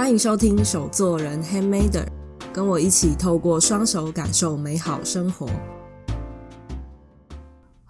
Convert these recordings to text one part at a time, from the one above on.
歡迎收聽手作人 Handmaker 跟我一起透過雙手感受美好生活。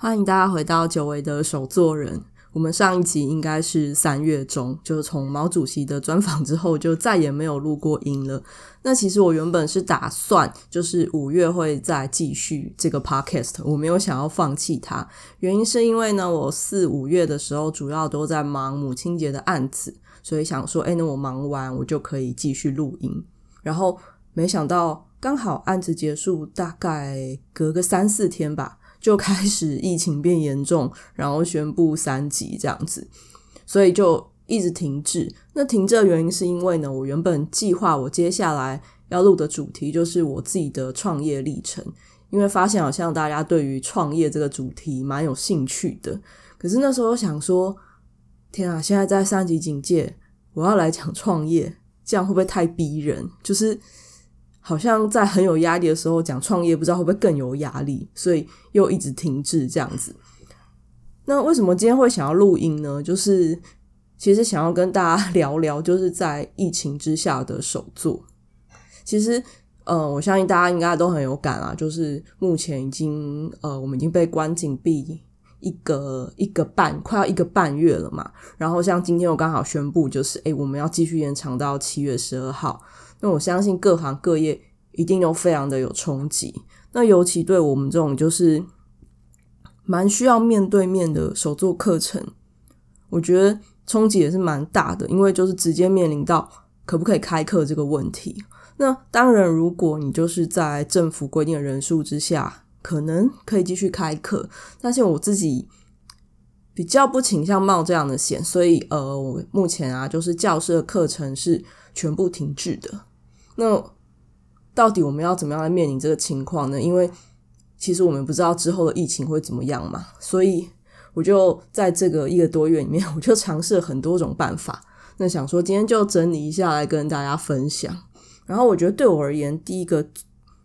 歡迎大家回到久違的手作人。我們上一集應該是三月中，就從毛主席的專訪之後就再也沒有錄過音了。那其實我原本是打算就是五月會再繼續這個 podcast，我沒有想要放棄它，原因是因為呢，我四五月的時候主要都在忙母親節的案子。所以想說，哎、欸，那我忙完我就可以繼續錄音。然後沒想到，剛好案子結束，大概隔個三四天吧，就開始疫情變嚴重，然後宣布三級這樣子，所以就一直停滯。那停滯的原因是因為呢，我原本計劃我接下來要錄的主題就是我自己的創業歷程，因為發現好像大家對於創業這個主題蠻有興趣的。可是那時候想說。天啊，現在在三級警戒，我要來講創業，這樣會不會太逼人？就是好像在很有壓力的時候講創業，不知道會不會更有壓力，所以又一直停滯這樣子。那為什麼今天會想要錄音呢？就是其實想要跟大家聊聊，就是在疫情之下的手作。其實，呃，我相信大家應該都很有感啊，就是目前已經，呃，我們已經被關禁閉。一個一個半，快要一個半月了嘛。然後像今天我剛好宣布，就是，誒，我們要繼續延長到七月十二號。那我相信各行各業一定都非常的有衝擊。那尤其對我們這種就是蠻需要面對面的手作課程，我覺得衝擊也是蠻大的，因為就是直接面臨到可不可以開課這個問題。那當然，如果你就是在政府規定的人數之下。可能可以繼續開課，但是我自己比較不傾向冒這樣的險，所以呃，我目前啊，就是教室的課程是全部停滯的。那到底我們要怎麼樣來面臨這個情況呢？因為其實我們不知道之後的疫情會怎麼樣嘛，所以我就在這個一個多月裡面，我就嘗試了很多種辦法。那想說今天就整理一下來跟大家分享。然後我覺得對我而言，第一個。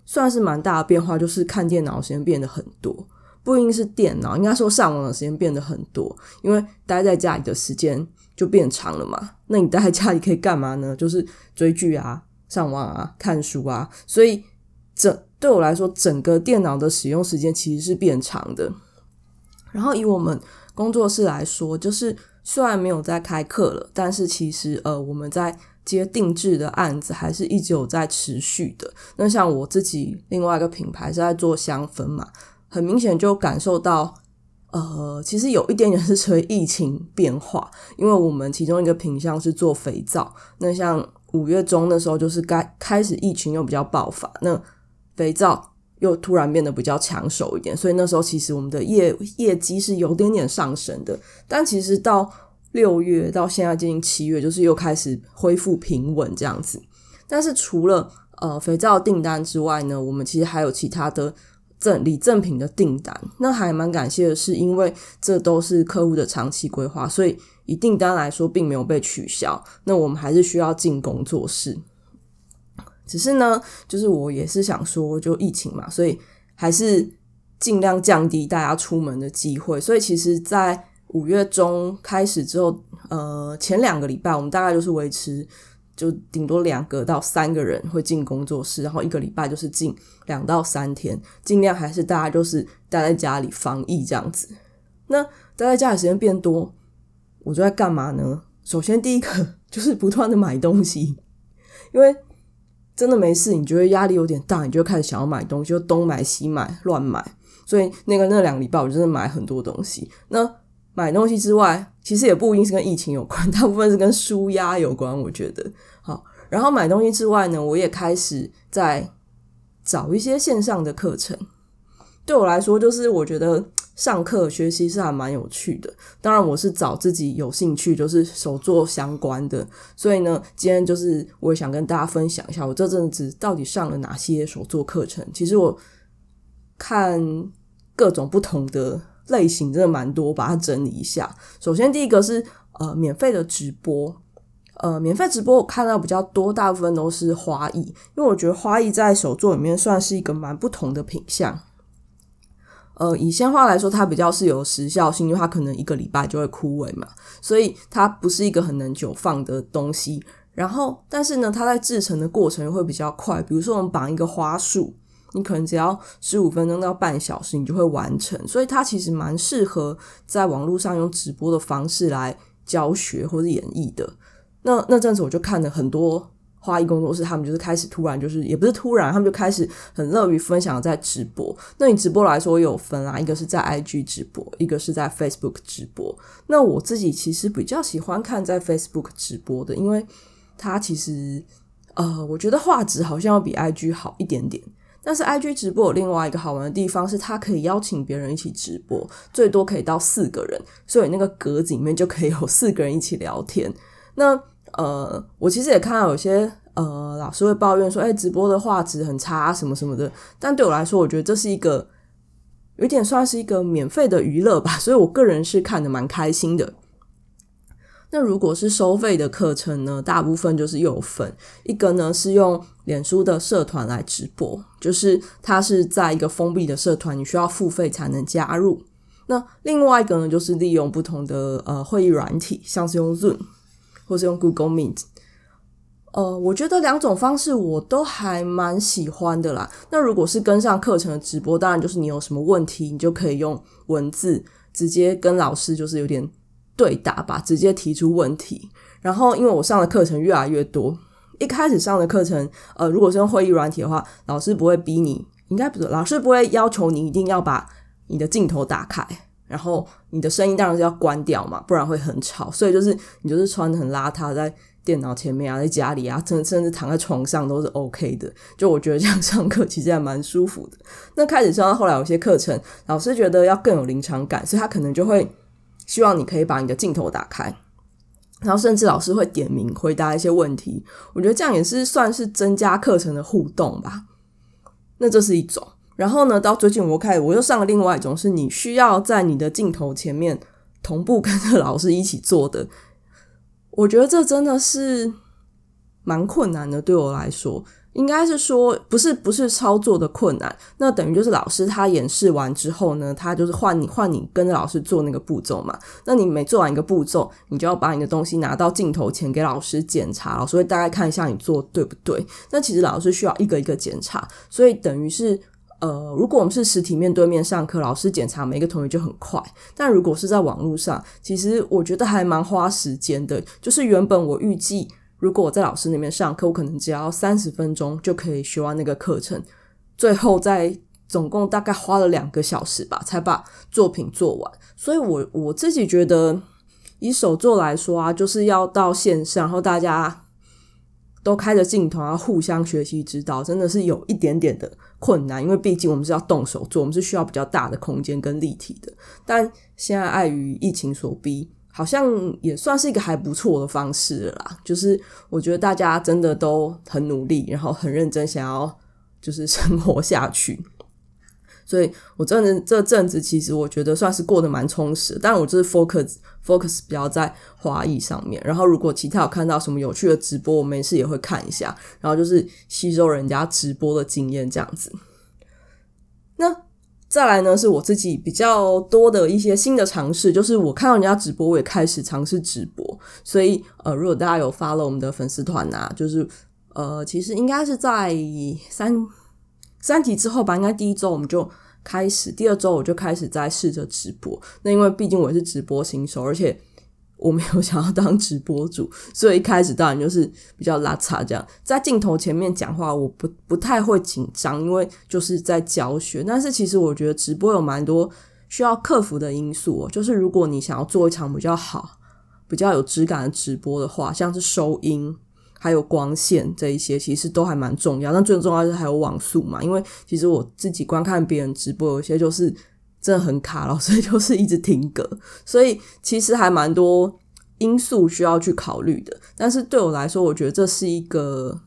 算是蠻大的變化，就是看電腦時間變得很多，不一定是電腦，應該說上網的時間變得很多，因為待在家裡的時間就變長了嘛。那你待在家裡可以幹嘛呢？就是追劇啊、上網啊、看書啊。所以整對我來說，整個電腦的使用時間其實是變長的。然後以我們工作室來說，就是。雖然沒有在開課了，但是其實呃，我們在接定制的案子還是一直有在持續的。那像我自己另外一個品牌是在做香氛嘛，很明顯就感受到，呃，其實有一點點是隨疫情變化，因為我們其中一個品項是做肥皂。那像五月中的時候就是該開始疫情又比較爆發，那肥皂。又突然變得比較搶手一點，所以那時候其實我們的業業績是有點點上升的。但其實到六月到現在接近七月，就是又開始恢復平穩這樣子。但是除了呃肥皂訂單之外呢，我們其實還有其他的贈禮贈品的訂單。那還蠻感謝的是，因為這都是客戶的長期規劃，所以以訂單來說並沒有被取消。那我們還是需要進工作室。只是呢，就是我也是想說，就疫情嘛，所以還是盡量降低大家出門的機會。所以其實，在五月中開始之後，呃，前兩個禮拜，我們大概就是維持，就頂多兩個到三個人會進工作室，然後一個禮拜就是進兩到三天，盡量還是大家就是待在家裡防疫這樣子。那待在家裡時間變多，我就在幹嘛呢？首先第一個就是不斷的買東西，因為。真的沒事，你覺得壓力有點大，你就開始想要買東西，就東買西買亂買。所以那個那兩個禮拜，我真的買很多東西。那買東西之外，其實也不一定是跟疫情有關，大部分是跟舒壓有關。我覺得好。然後買東西之外呢，我也開始在找一些線上的課程。對我來說，就是我覺得。上課學習是還蠻有趣的，當然我是找自己有興趣，就是手作相關的。所以呢，今天就是我也想跟大家分享一下我這陣子到底上了哪些手作課程。其實我看各種不同的類型真的蠻多，把它整理一下。首先第一個是呃免費的直播，呃免費直播我看到比較多，大部分都是花藝，因為我覺得花藝在手作裡面算是一個蠻不同的品項。呃，以鮮花來說，它比較是有時效性，因為它可能一個禮拜就會枯萎嘛，所以它不是一個很能久放的東西。然後，但是呢，它在製成的過程又會比較快。比如說，我們綁一個花束，你可能只要十五分鐘到半小時，你就會完成。所以，它其實蠻適合在網絡上用直播的方式來教學或者演繹的。那那陣子我就看了很多。花藝工作室，他們就是開始突然，就是也不是突然，他們就開始很樂於分享在直播。那你直播來說有分啊，一個是在 IG 直播，一個是在 Facebook 直播。那我自己其實比較喜歡看在 Facebook 直播的，因為它其實呃，我覺得畫質好像要比 IG 好一點點。但是 IG 直播有另外一個好玩的地方，是它可以邀請別人一起直播，最多可以到四個人，所以那個格子裡面就可以有四個人一起聊天。那呃，我其實也看到有些呃老師會抱怨說，哎、欸，直播的畫質很差什麼什麼的。但對我來說，我覺得這是一個有點算是一個免費的娛樂吧，所以我個人是看得蠻開心的。那如果是收費的課程呢，大部分就是有分一個呢是用臉書的社團來直播，就是它是在一個封閉的社團，你需要付費才能加入。那另外一個呢，就是利用不同的呃會議軟體，像是用 Zoom。或是用 Google Meet，呃，我覺得兩種方式我都還蠻喜歡的啦。那如果是跟上課程的直播，當然就是你有什麼問題，你就可以用文字直接跟老師，就是有點對答吧，直接提出問題。然後因為我上的課程越來越多，一開始上的課程，呃，如果是用會議軟體的話，老師不會逼你，應該不對，老師不會要求你一定要把你的鏡頭打開。然後你的聲音當然是要關掉嘛，不然會很吵。所以就是你就是穿得很邋遢，在電腦前面啊，在家裡啊，甚至,甚至躺在床上都是 OK 的。就我覺得這樣上課其實還蠻舒服的。那開始上到後來有些課程，老師覺得要更有臨場感，所以他可能就會希望你可以把你的鏡頭打開，然後甚至老師會點名回答一些問題。我覺得這樣也是算是增加課程的互動吧。那這是一種。然後呢，到最近我開始我又上了另外一種，是你需要在你的鏡頭前面同步跟着老師一起做的。我覺得這真的是蠻困難的，對我來說，應該是說不是不是操作的困難，那等於就是老師他演示完之後呢，他就是換你換你跟着老師做那個步驟嘛。那你每做完一個步驟，你就要把你的東西拿到鏡頭前給老師檢查，老師會大概看一下你做對不對。那其實老師需要一個一個檢查，所以等於是。呃，如果我們是實體面對面上課，老師檢查每個同學就很快；但如果是在網絡上，其實我覺得還蠻花時間的。就是原本我預計，如果我在老師那邊上課，我可能只要三十分鐘就可以學完那個課程。最後在總共大概花了兩個小時吧，才把作品做完。所以我，我我自己覺得，以手作來說啊，就是要到線上，然後大家。都開着鏡頭啊，互相學習指導，真的是有一點點的困難，因為畢竟我們是要動手做，我們是需要比較大的空間跟立體的。但現在礙於疫情所逼，好像也算是一個還不錯的方式了啦。就是我覺得大家真的都很努力，然後很認真想要就是生活下去。所以，我這陣這陣子其實我覺得算是過得蠻充實的，但我就是 focus focus 比較在華裔上面。然後，如果其他有看到什麼有趣的直播，我沒事也會看一下，然後就是吸收人家直播的經驗這樣子。那再來呢，是我自己比較多的一些新的嘗試，就是我看到人家直播，我也開始嘗試直播。所以，呃，如果大家有 follow 我們的粉絲團啊，就是呃，其實應該是在三。三級之後吧，應該第一周我們就開始，第二周我就開始在試着直播。那因為畢竟我也是直播新手，而且我沒有想要當直播主，所以一開始當然就是比較拉差這樣。在鏡頭前面講話，我不不太會緊張，因為就是在教學。但是其實我覺得直播有蠻多需要克服的因素喔，就是如果你想要做一場比較好、比較有質感的直播的話，像是收音。還有光線這一些，其實都還蠻重要。但最重要的是還有網速嘛，因為其實我自己觀看別人直播，有些就是真的很卡了，所以就是一直停格。所以其實還蠻多因素需要去考慮的。但是對我來說，我覺得這是一個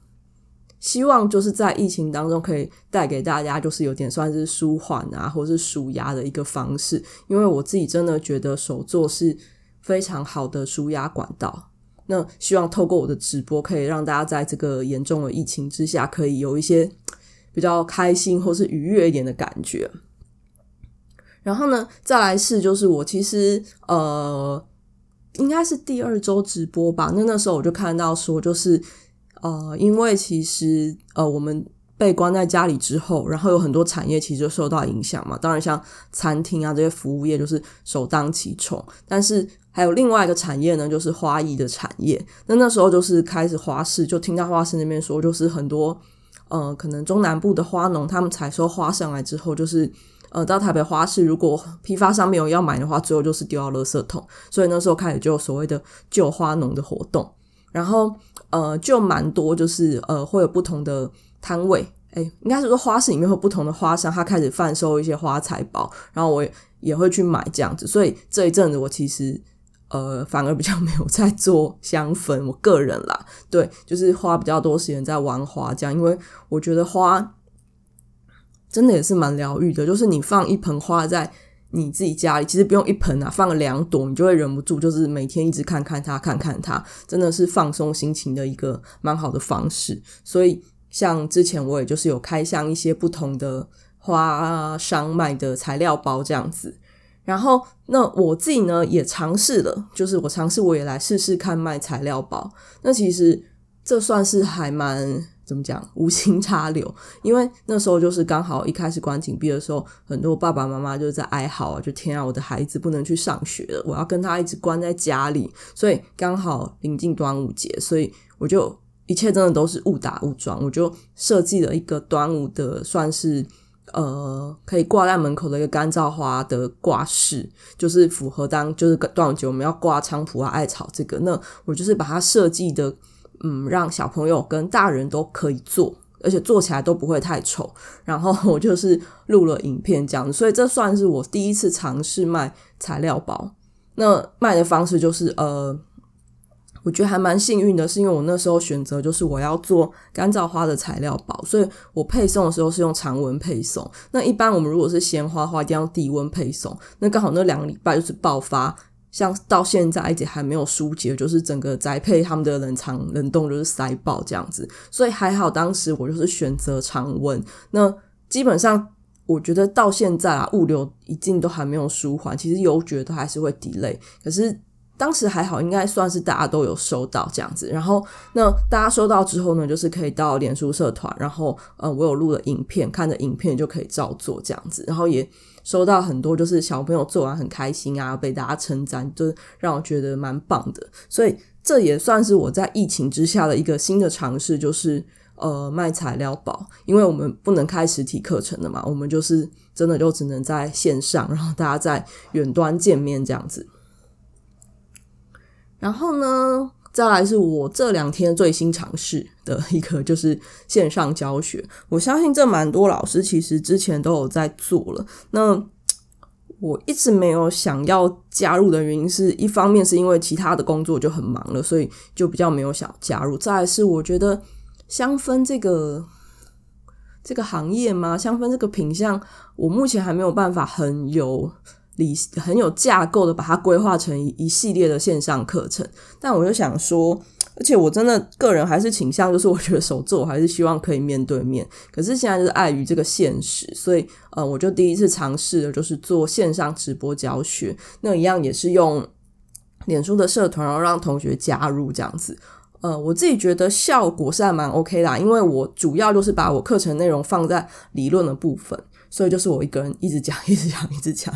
希望，就是在疫情當中可以帶給大家，就是有點算是舒緩啊，或是舒壓的一個方式。因為我自己真的覺得手作是非常好的舒壓管道。那希望透過我的直播，可以讓大家在這個嚴重的疫情之下，可以有一些比較開心或是愉悅一點的感覺。然後呢，再來是就是我其實呃，應該是第二週直播吧。那那時候我就看到說，就是呃，因為其實呃我們。被關在家裡之後，然後有很多產業其實就受到影響嘛。當然，像餐廳啊這些服務業就是首當其衝。但是還有另外一個產業呢，就是花藝的產業。那那時候就是開始花市，就聽到花市那邊說，就是很多嗯、呃，可能中南部的花農他們採收花上來之後，就是呃到台北花市，如果批發商沒有要買的話，最後就是丟到垃圾桶。所以那時候開始就有所謂的救花農的活動，然後呃，就蠻多，就是呃會有不同的。攤位，哎、欸，應該是說花市裡面會不同的花商，他開始販售一些花材包，然後我也，也會去買這樣子。所以這一陣子我其實呃反而比較沒有在做香氛，我個人啦，對，就是花比較多時間在玩花這樣，因為我覺得花真的也是蠻療癒的。就是你放一盆花在你自己家裡，其實不用一盆啊，放了兩朵，你就會忍不住就是每天一直看看它，看看它，真的是放鬆心情的一個蠻好的方式。所以。像之前我也就是有開箱一些不同的花商賣的材料包這樣子，然後那我自己呢也嘗試了，就是我嘗試我也來試試看賣材料包。那其實這算是還蠻怎麼講無心插柳，因為那時候就是剛好一開始關禁閉的時候，很多爸爸媽媽就是在哀嚎，啊，就天啊，我的孩子不能去上學了，我要跟他一直關在家裡。所以剛好臨近端午節，所以我就。一切真的都是誤打誤撞，我就設計了一個端午的，算是呃可以掛在門口的一個乾燥花的掛飾，就是符合當就是端午節我們要掛菖蒲啊、艾草這個。那我就是把它設計的，嗯，讓小朋友跟大人都可以做，而且做起來都不會太醜。然後我就是錄了影片這樣子。所以這算是我第一次嘗試賣材料包。那賣的方式就是呃。我覺得還蠻幸運的，是因為我那時候選擇就是我要做乾燥花的材料包，所以我配送的時候是用常溫配送。那一般我們如果是鮮花，花一定要低溫配送。那剛好那兩個禮拜就是爆發，像到現在埃及還沒有疏解，就是整個宅配他們的冷藏冷凍就是塞爆這樣子。所以還好當時我就是選擇常溫。那基本上我覺得到現在啊，物流一定都還沒有舒緩，其實郵局都還是會 a y 可是。當時還好，應該算是大家都有收到這樣子。然後，那大家收到之後呢，就是可以到臉書社團，然後呃，我有錄了影片，看著影片就可以照做這樣子。然後也收到很多，就是小朋友做完很開心啊，被大家稱讚，就讓我覺得蠻棒的。所以這也算是我在疫情之下的一個新的嘗試，就是呃賣材料包，因為我們不能開實體課程的嘛，我們就是真的就只能在線上，然後大家在遠端見面這樣子。然後呢，再來是我這兩天最新嘗試的一個，就是線上教學。我相信這蠻多老師其實之前都有在做了。那我一直沒有想要加入的原因是，是一方面是因為其他的工作就很忙了，所以就比較沒有想加入。再來是我覺得香氛這個這個行業嘛，香氛這個品項，我目前還沒有辦法很有。理，很有架構的，把它規劃成一一系列的線上課程。但我就想說，而且我真的個人還是傾向，就是我覺得手作我還是希望可以面對面。可是現在就是礙於這個現實，所以呃，我就第一次嘗試的，就是做線上直播教學。那一樣也是用臉書的社團，然後讓同學加入這樣子。呃，我自己覺得效果是還蠻 OK 啦，因為我主要就是把我課程內容放在理論的部分，所以就是我一個人一直講，一直講，一直講。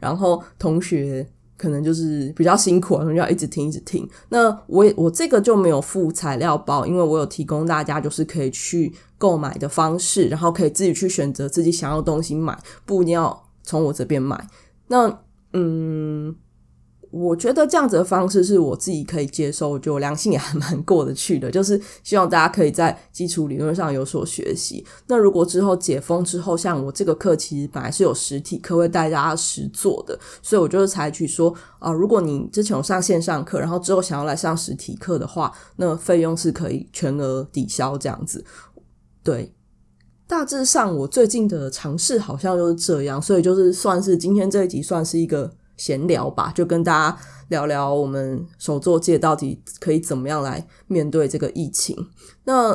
然後同學可能就是比較辛苦，可能就要一直聽，一直聽。那我，我這個就沒有附材料包，因為我有提供大家就是可以去購買的方式，然後可以自己去選擇自己想要的東西買，不一定要從我這邊買。那，嗯。我覺得這樣子的方式是我自己可以接受，就良心也還蠻過得去的。就是希望大家可以在基礎理論上有所學習。那如果之後解封之後，像我這個課其實本來是有實體課會帶大家實做的，所以我就是採取說啊、呃，如果你之前有上線上課，然後之後想要來上實體課的話，那費用是可以全額抵消這樣子。對，大致上我最近的嘗試好像就是這樣，所以就是算是今天這一集算是一個。閒聊吧，就跟大家聊聊我們手作界到底可以怎麼樣來面對這個疫情。那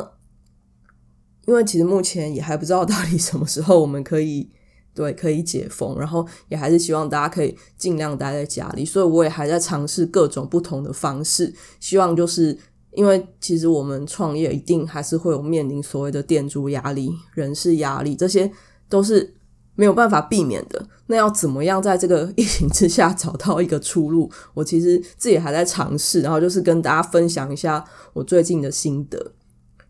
因為其實目前也還不知道到底什麼時候我們可以，對，可以解封，然後也還是希望大家可以盡量待在家裡。所以我也還在嘗試各種不同的方式，希望就是因為其實我們創業一定還是會有面臨所謂的店租壓力、人事壓力，這些都是。沒有辦法避免的，那要怎麼樣在這個疫情之下找到一個出路？我其實自己還在嘗試，然後就是跟大家分享一下我最近的心得。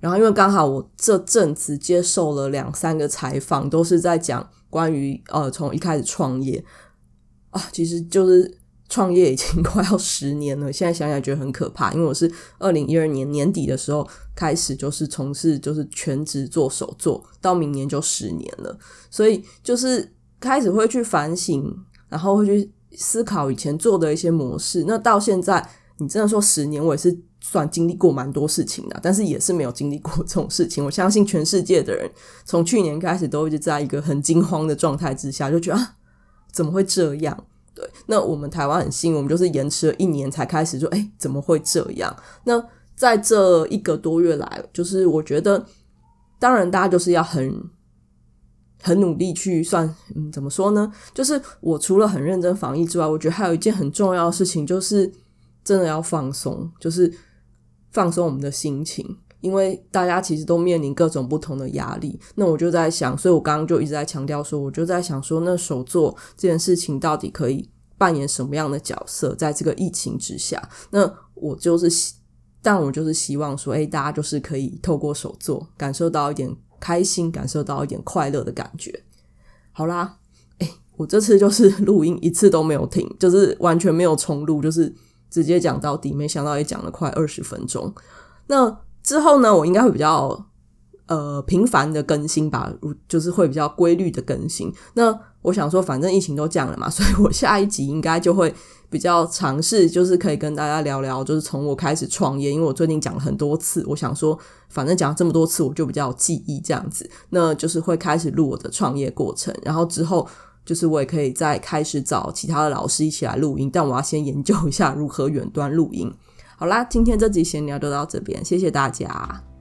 然後因為剛好我這陣子接受了兩三個採訪，都是在講關於呃、啊、從一開始創業啊，其實就是。創業已經快要十年了，現在想想覺得很可怕，因為我是二零一二年年底的時候開始，就是從事就是全職做手作，到明年就十年了，所以就是開始會去反省，然後會去思考以前做的一些模式。那到現在，你真的說十年，我也是算經歷過蠻多事情的，但是也是沒有經歷過這種事情。我相信全世界的人，從去年開始，都一直在一個很驚慌的狀態之下，就覺得，啊，怎麼會這樣？那我們台灣很幸運，我們就是延遲了一年才開始說，誒、欸，怎麼會這樣？那在這一個多月來，就是我覺得，當然大家就是要很很努力去算，嗯，怎麼說呢？就是我除了很認真防疫之外，我覺得還有一件很重要的事情，就是真的要放鬆，就是放鬆我們的心情，因為大家其實都面臨各種不同的壓力。那我就在想，所以我剛剛就一直在強調說，我就在想說，那手作這件事情到底可以。扮演什麼樣的角色，在這個疫情之下？那我就是希，但我就是希望說，哎、欸，大家就是可以透過手作，感受到一點開心，感受到一點快樂的感覺。好啦，哎、欸，我這次就是錄音一次都沒有停，就是完全沒有重錄，就是直接講到底。沒想到也講了快二十分鐘。那之後呢，我應該會比較呃頻繁的更新吧，就是會比較規律的更新。那。我想說，反正疫情都降了嘛，所以我下一集應該就會比較嘗試，就是可以跟大家聊聊，就是從我開始創業。因為我最近講了很多次，我想說，反正講了這麼多次，我就比較有記憶這樣子，那就是會開始錄我的創業過程，然後之後就是我也可以再開始找其他的老師一起來錄音，但我要先研究一下如何遠端錄音。好啦，今天這集閒聊就到這邊，謝謝大家。